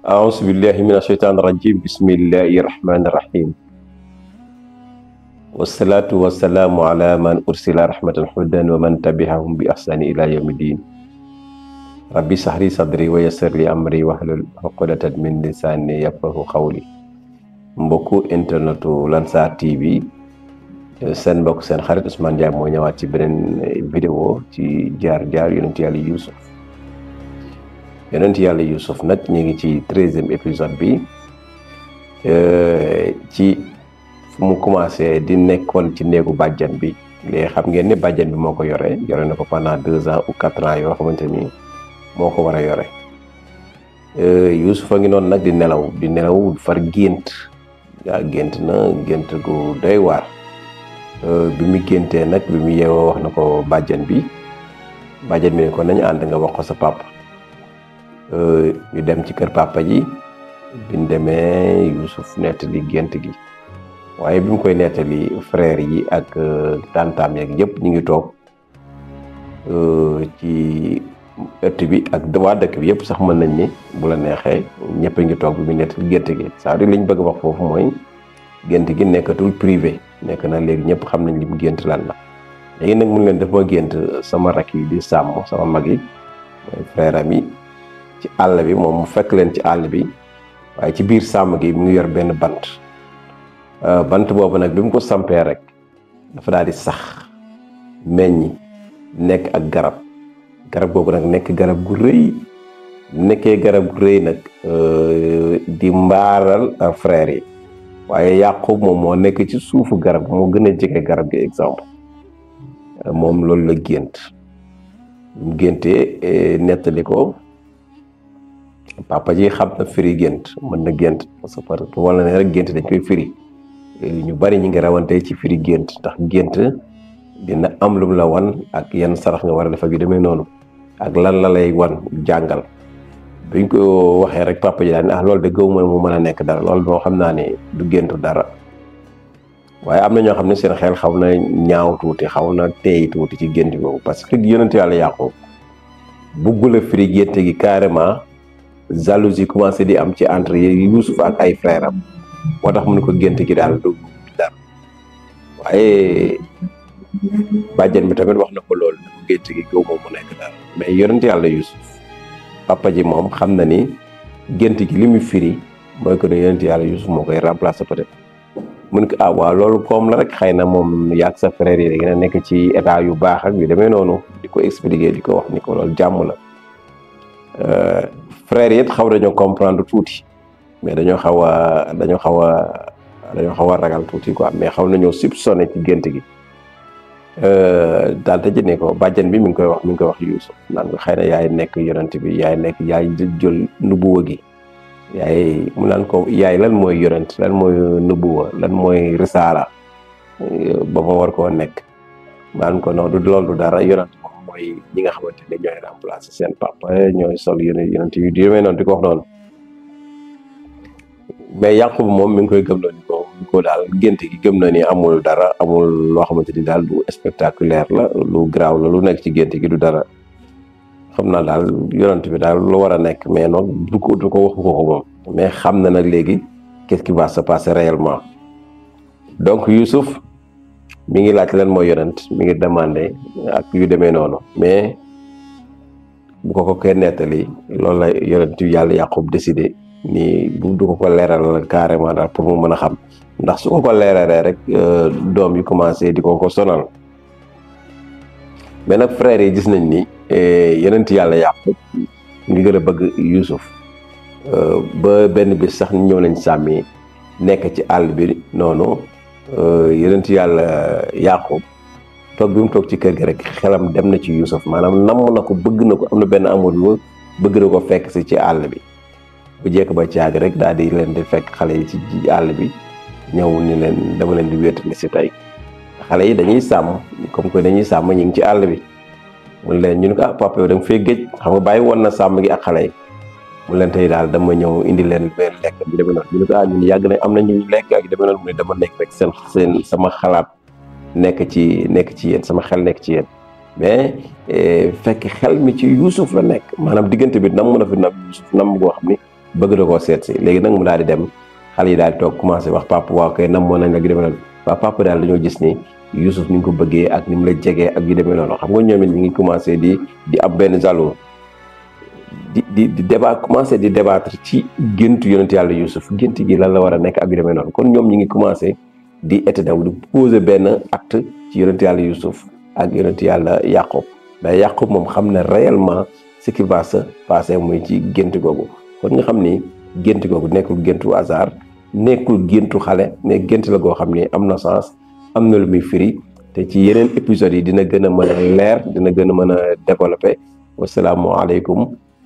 أعوذ بالله من الشيطان الرجيم بسم الله الرحمن الرحيم والصلاة والسلام على من أرسل رحمة الهدى ومن تبعهم بإحسان إلى يوم الدين ربي سحري صدري ويسر لي أمري واحلل عقدة من لساني يفقه قولي mbokku internetu Lansarr TV seen mbokk seen xarit Ousmane Ndiaye moo ñëwaat ci beneen vidéo ci jaar jaar yonent Yàlla Yuusuf yonent yàlla Youssouf nag ñu ngi ci treizième épisode bi euh, ci fu mu commencé di nekkoon ci néegu bàjjan bi léegi xam ngeen ne bàjjan bi moo ko yore yore na ko pendant deux ans ou quatre ans yoo xamante ni moo ko war a yore euh, Youssouf a ngi noonu nag di nelaw di nelaw far gént waaw gént na gént gu doy waar euh, bi mu géntee nag bi mu yeewoo wax na ko bàjjan bi bàjjan bi ne ko nañu ànd nga wax ko sa papa. Euh, ñu dem ci kër papa ji biñ demee Youssouf nettali gent gi waaye bi mu koy nettali frère yi ak euh, tantam yeeg yëpp ñu ngi toog euh, ci ëtt bi ak waa dëkk bi yëpp sax mën nañ ni bu la neexee ñëpp a ngi toog bi mu nettali gi saa lañ ñu bëgg wax foofu mooy gént gi nekkatul privé nekk na léegi ñëpp xam nañ li mu gént lan la léegi nag mun leen dafa gént sama rak yi di sàmm sama mag yi mooy yi ci àll bi moom mu fekk leen ci àll bi waaye ci biir sàmm gi mu ngi yor benn bant euh, bant boobu nag bi mu ko sampee rek dafa daal di sax meññ nekk ak garab garab googu nag nekk garab gu rëy rëy nag euh, di mbaaral frère yi waaye Yaqub moom moo nekk ci suufu garab moo gën a jege garab gi exemple euh, moom loolu la gént mu géntee nettali ko papa ji xam na firi gént mën na gént parce que pour wala ne rek gént dañ koy firi ñu bari ñu ngi rawante ci firi gént ndax gént dina am lum la wan ak yan sarax nga war a def ak yu demee noonu ak lan la lay wan jàngal biñ ko waxee rek papa ji daal ne ah loolu de gëwuma mu mën a nekk dara loolu moo xam naa ne du géntu dara waaye am na ñoo xam ne seen xeel xaw na ñaaw tuuti xaw na teey tuuti ci gént boobu parce que yonent yàlla yàqu buggul a firi gi carrément jalousie commencé di am ci entre Youssouf ak ay frère am moo tax mu ne ko gént gi daal du dara waaye bàjjen bi tamit wax na ko loolu ne ko gi gaw moom mu nekk dara mais yonent yàlla Youssouf papa ji moom xam na ni gént gi li mu firi mooy que ne yonent yàlla Youssouf moo koy remplacer peut-être mun ko ah waaw loolu kom la rek xëy na moom yaag sa frère yi da ngeen nekk ci état yu baax ak yu demee noonu di ko expliquer di ko wax ni ko loolu jàmm la Euh, frères yëpp xaw nañoo comprendre tuuti mais dañoo xaw a dañoo xaw a dañoo xaw a ragal tuuti quoi mais xaw nañoo soupçonné ci gént gi euh, daal te jëndee ko bàjjen bi mi ngi koy wax mi ngi koy wax Yuusuf naan ko xëy na yaay nekk yonent bi yaay nekk yaay jël nubuwa gi yaay mu naan ko yaay lan mooy yorant lan mooy nubuwa lan mooy risaala euh, ba ma war koo nekk naan ko non du loolu dara yonent mooy ñi nga xamante ne ñooy remplacer seen papa ñooy sol yéen yonent yu demee noonu di ko wax noonu mais moom mi ngi koy gëm na ni daal gént gi gëm na ni amul dara amul loo xamante ni daal lu spectaculaire la lu garaaw la lu nekk ci gént gi du dara xam na daal yonent bi daal lu war a nekk mais noonu du ko du ko wax ko ko moom mais xam na nag léegi qu'est-ce qui va se passer réellement donc Youssouf mi ngi laaj lan mooy yonent mi ngi demandé ak yu demee noonu mais bu ko ko kenn nettali loolu la yonent yu yàlla yàqub décidé ni bu du ko ko leeral carrément daal pour mu mën a xam ndax su ko ko leeralee rek euh, doom yu commencé di ko ko sonal mais nag frères yi gis nañ ni eh, yonent yàlla yàqub ngi gën a bëgg Yuusuf euh, ba benn bis sax ñëw nañ sàmmi nekk ci àll bi noonu Euh, yonent yàlla euh, Yaaqub toog bi mu toog ci kër gi rek xelam dem na ci Yuusuf maanaam namm na ko bëgg na ko am na benn amour bëgg na ko fekk si ci àll bi bu jekk ba caag rek daal di leen di fekk xale yi ci àll bi ñëw ni leen dama leen di wéetali si tey xale yi dañuy sàmm comme que dañuy sàmm ñu ngi ci àll bi mu leen ñu ne ko ah papa yow da nga géej xam nga bàyyi woon na sàmm gi ak xale yi mu leen tey daal dama ñëw indi leen lu leen lekk bi demee noonu ñu ne ko ah ñun lekk ak demee noonu mu ne dama nekk rek seen sama xalaat nekk ci nekk ci yéen sama xel nekk ci yéen mais eh, fekk xel mi ci Yuusuf la nekk maanaam diggante bi nam mun a fi nam Yuusuf nam goo xam ni bëgg na koo seet léegi nag mu daal di dem xale yi daal toog commencé wax papa waaw kay nam moo nañ la yu demee noonu waa papa daal dañoo gis ni Yuusuf ñu ko bëggee ak ni mu la jegee ak yu demee noonu xam nga ñoom it ñu ngi commencé di di am benn jaloux. di di débat commencé di débattre ci géntu yonent yàlla Youssouf gént gi lan la war a nekk ak yu demee noonu kon ñoom ñi ngi commencé di étudier di poser benn acte ci yonent yàlla Youssouf ak yonent yàlla Yaqub mais Yaqub moom xam na réellement ce qui va passer muy ci gént googu kon nga xam ni gént googu nekkul géntu hasard nekkul géntu xale mais gént la goo xam ni am na sens am na lu muy firi te ci yeneen épisodes yi dina gën a mën a leer dina gën a mën a développer wasalaamualeykum